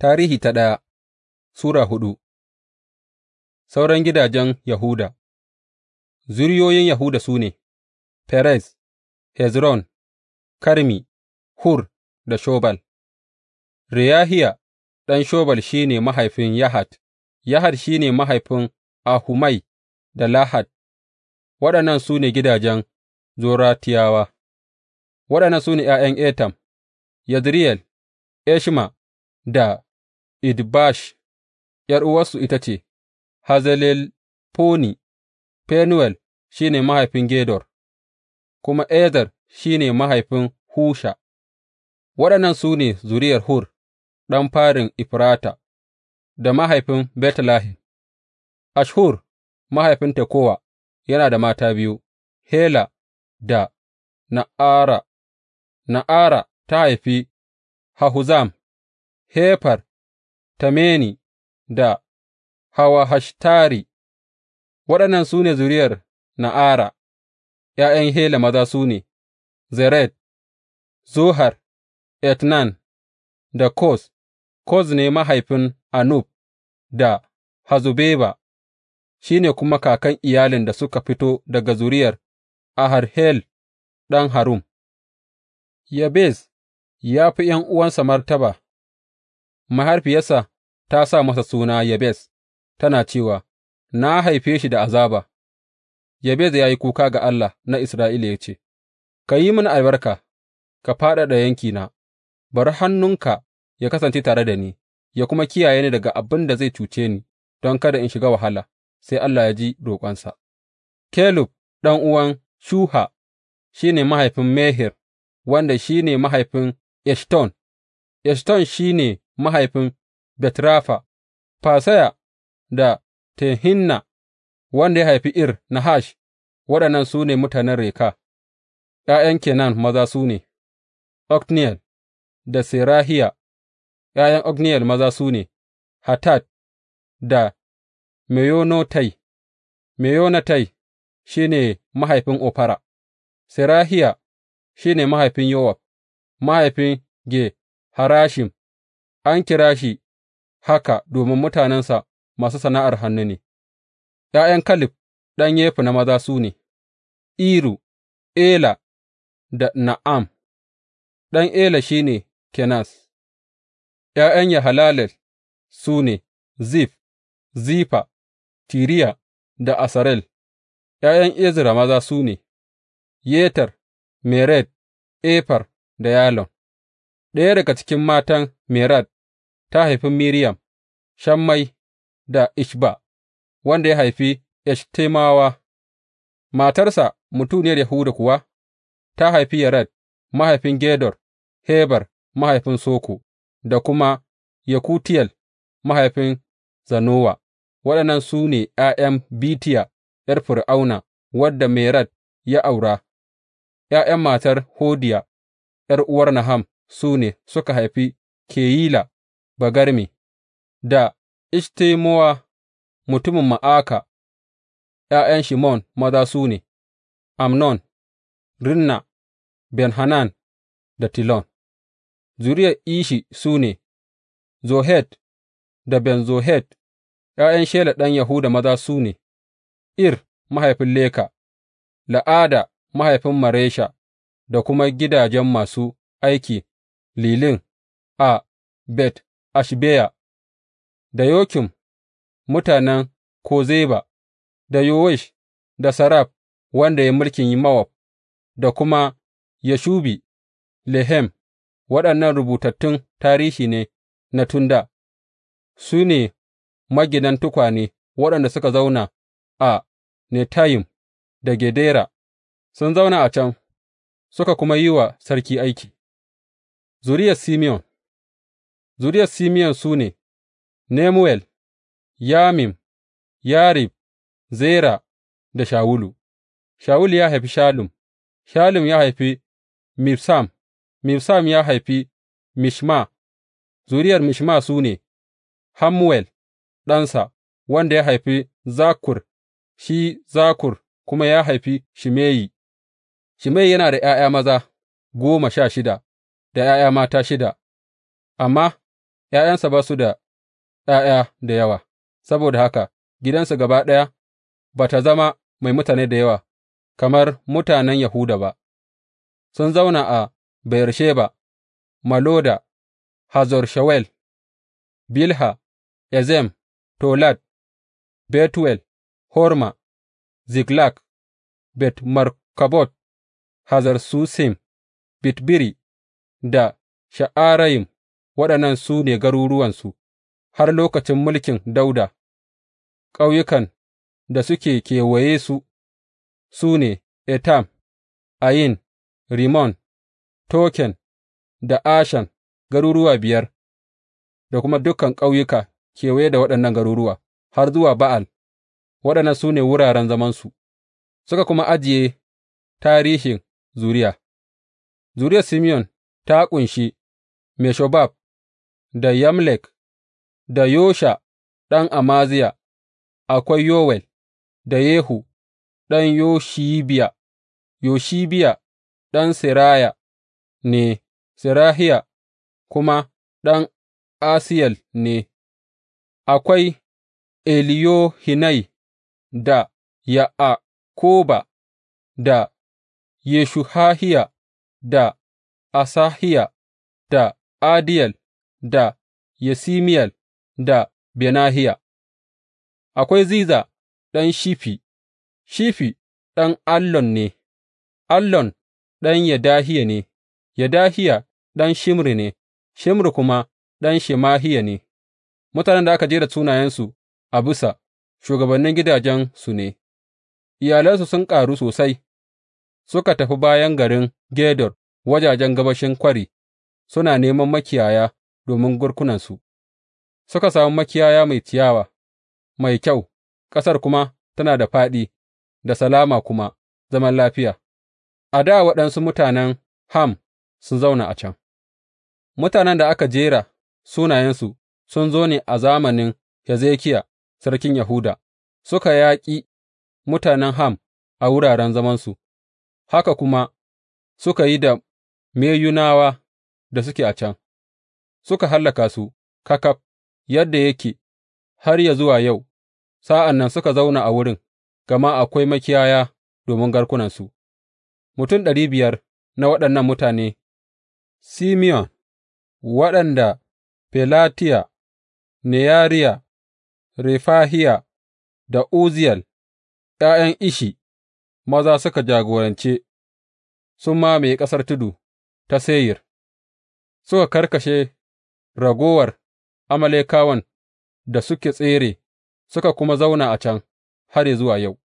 Tarihi ta ɗaya Sura hudu Sauran gidajen Yahuda Zuriyoyin Yahuda su ne, Perez, Hezron, Karmi, Hur da Shobal Reyahiya ɗan Shobal shi ne mahaifin Yahat, Yahat shi ne mahaifin Ahumai da Lahat, waɗannan su ne gidajen Zoratiyawa, waɗannan su ne ’ya'yan Etam, Yadriyel, Eshma da Idbash, ’yar'uwarsu ita ce Hazzelelfoni, Fenuwel shi ne mahaifin Gedor, kuma Ezer shi ne mahaifin Husha, waɗannan su ne zuriyar Hur ɗan farin Ifrata. da mahaifin Betlehem, Ashhur mahaifin Tekowa yana da mata biyu, Hela da Na'ara, Na'ara ta haifi Hahuzam, Hefer Temeni da Hawahashtari Waɗannan su ne zuriyar Na'ara ’Ya'yan Hela maza su ne, Zered, Zohar, Etnan da Koz, Koz ne mahaifin Anub da Hazubeba shi ne kuma kakan iyalin da suka fito daga zuriyar Aharhel ɗan Harum, Yabez ya fi 'yan uwansa martaba, mahaifiyarsa ta sa masa suna Yabez, tana cewa, Na haife shi da azaba, Yabez ya yi kuka ga Allah na Isra'ila ya ce, Ka yi mini albarka, ka fadada yankina, bari hannunka ya kasance tare da ni, ya kuma kiyaye ni daga abin da zai cuce ni, don kada in shiga wahala, sai Allah ya ji roƙonsa. Kelub uwan Shuha shi ne mahaifin Mehir, wanda shi ne mahaifin Eshton, Eshton shi ne mahaifin Betrafa, Faseya da Tehinna, wanda ya haifi Ir Nahash, waɗannan su ne mutanen Reka, ’ya'yan Kenan maza su ne, Otniyel da Serahiya, ’ya'yan Otniyel maza su ne, Hatat da Meyonotai, Meyonotai shi ne mahaifin ofara. Serahiya shi ne mahaifin Yowab, mahaifin Ge Harashim, an kira shi haka domin mutanensa masu sana'ar hannu ne, ’ya'yan Kaleb ɗan Yefunne maza su ne, Iru, Ela da Na'am, ɗan Ela shi ne Kenaz, ’ya'yan Yahalalel su ne Zif, Zifa, Tiriya da Asarel, ’ya'yan Ezra maza su ne, Yeter, Mered, Efar da Yalon, ɗaya daga cikin matan Mered ta haifi Miriyam, Shammai da Ishba, wanda ya haifi Eshtemawa, matarsa mutuniyar Yahuda kuwa ta haifi Yared, mahaifin Gedor, Heber, mahaifin Soko, da kuma Yakutiyel, mahaifin Zanowa, waɗannan su ne ’ya'yan Bitiya ’yar Fir'auna, wadda Mered ya aura, ’ya'yan matar Hodiya, ’yar'uwar Naham, su ne suka haifi Keyila. Bagarme, da Eshtemowa mutumin Ma'aka, ’ya'yan Shimon maza su ne, Amnon, Rinna, Ben Hanan da Tilon; zuriyar Ishi su ne, Zohet da Ben Zohet, ’ya'yan Shela ɗan Yahuda maza su ne, Ir mahaifin Leka, La'ada mahaifin Maresha, da kuma gidajen masu aiki lilin a Bet Ashbeya, da Yokim, mutanen Kozeba, da Yowash, da Saraf wanda ya yi mulkin Mowab, da kuma Yashubi Lehem, waɗannan rubutattun tarihi ne na tun dā, su ne maginan tukwane waɗanda suka zauna a Netayim da Gedera, sun zauna a can, suka kuma yi wa sarki aiki, zuriyar Simeon. Zuriyar Simeyon su ne, Nemuwel, Yamin, Yarib, Zera da Shawulu Shawulu ya haifi shalum. shalum ya haifi Mibsam, Mibsam ya haifi Mishma, zuriyar Mishma su ne, hamuel. ɗansa, wanda ya haifi zakur. shi zakur kuma ya haifi Shimeyi, Shimeyi yana da ’ya'ya maza goma sha shida da ’ya'ya mata shida, amma ’ya'yansa ba su da ’ya'ya da yawa, saboda haka gidansu gaba ɗaya ba ta zama mai mutane da yawa kamar mutanen Yahuda ba, sun zauna a Beyersheba, Maloda, Hazor Shawel, Bilha, Ezem, Tolad, Betuel, Horma, Ziklag, Bet Markabot, Hazar Susim, Bitbiri da Sha'arayim. waɗannan su ne garuruwansu har lokacin mulkin Dauda, ƙauyukan da suke kewaye su, su ne Etam, Ayin, Rimon, Token da Ashan, garuruwa biyar, da kuma dukan ƙauyuka kewaye da waɗannan garuruwa, har zuwa Ba'al, waɗannan su ne wuraren zamansu, suka kuma ajiye tarihin zuriya. Zuriyar Simeon ta ƙunshi Meshobab da Yamlek, da Yosha ɗan Amaziya, akwai Yowel, da Yehu ɗan Yoshibiya, Yoshibiya ɗan Seraya ne, Serahiya kuma ɗan Asiyel ne, akwai eliyohinai da Ya'akoba da Yeshuhahiya da Asahiya da Adiyel. da Yesimiyel da Benahiya, akwai Ziza ɗan Shifi, Shifi ɗan Allon ne, Allon ɗan yadahiya ne, Yadahiya ɗan Shimri ne, Shimri kuma ɗan Shemahiya ne, mutanen da aka jera sunayensu a bisa, shugabannin gidajensu ne, iyalansu sun ƙaru sosai, suka tafi bayan garin Gedor wajajen gabashin kwari, suna neman makiyaya domin garkunansu, suka sami makiyaya mai ciyawa mai kyau, ƙasar kuma tana da fāɗi da salama kuma zaman lafiya. A da waɗansu mutanen Ham sun zauna a can, mutanen da aka jera sunayensu sun zo ne a zamanin Hezekiya sarkin Yahuda, suka yaƙi mutanen Ham a wuraren zamansu, haka kuma suka yi da Meyunawa da suke a can. suka hallaka su ƙaƙaf yadda yake har ya zuwa yau, sa'an nan suka zauna a wurin, gama akwai makiyaya domin garkunansu, mutum ɗari biyar na waɗannan mutane, Simeon, waɗanda Felatiya, Neyariya, Refahiya da Uziyel, ’ya'yan Ishi, maza suka jagorance, sun mamaye ƙasar tudu ta Seyir, suka karkashe ragowar Amalekawan da suke tsere, suka kuma zauna a can har yă zuwa yau.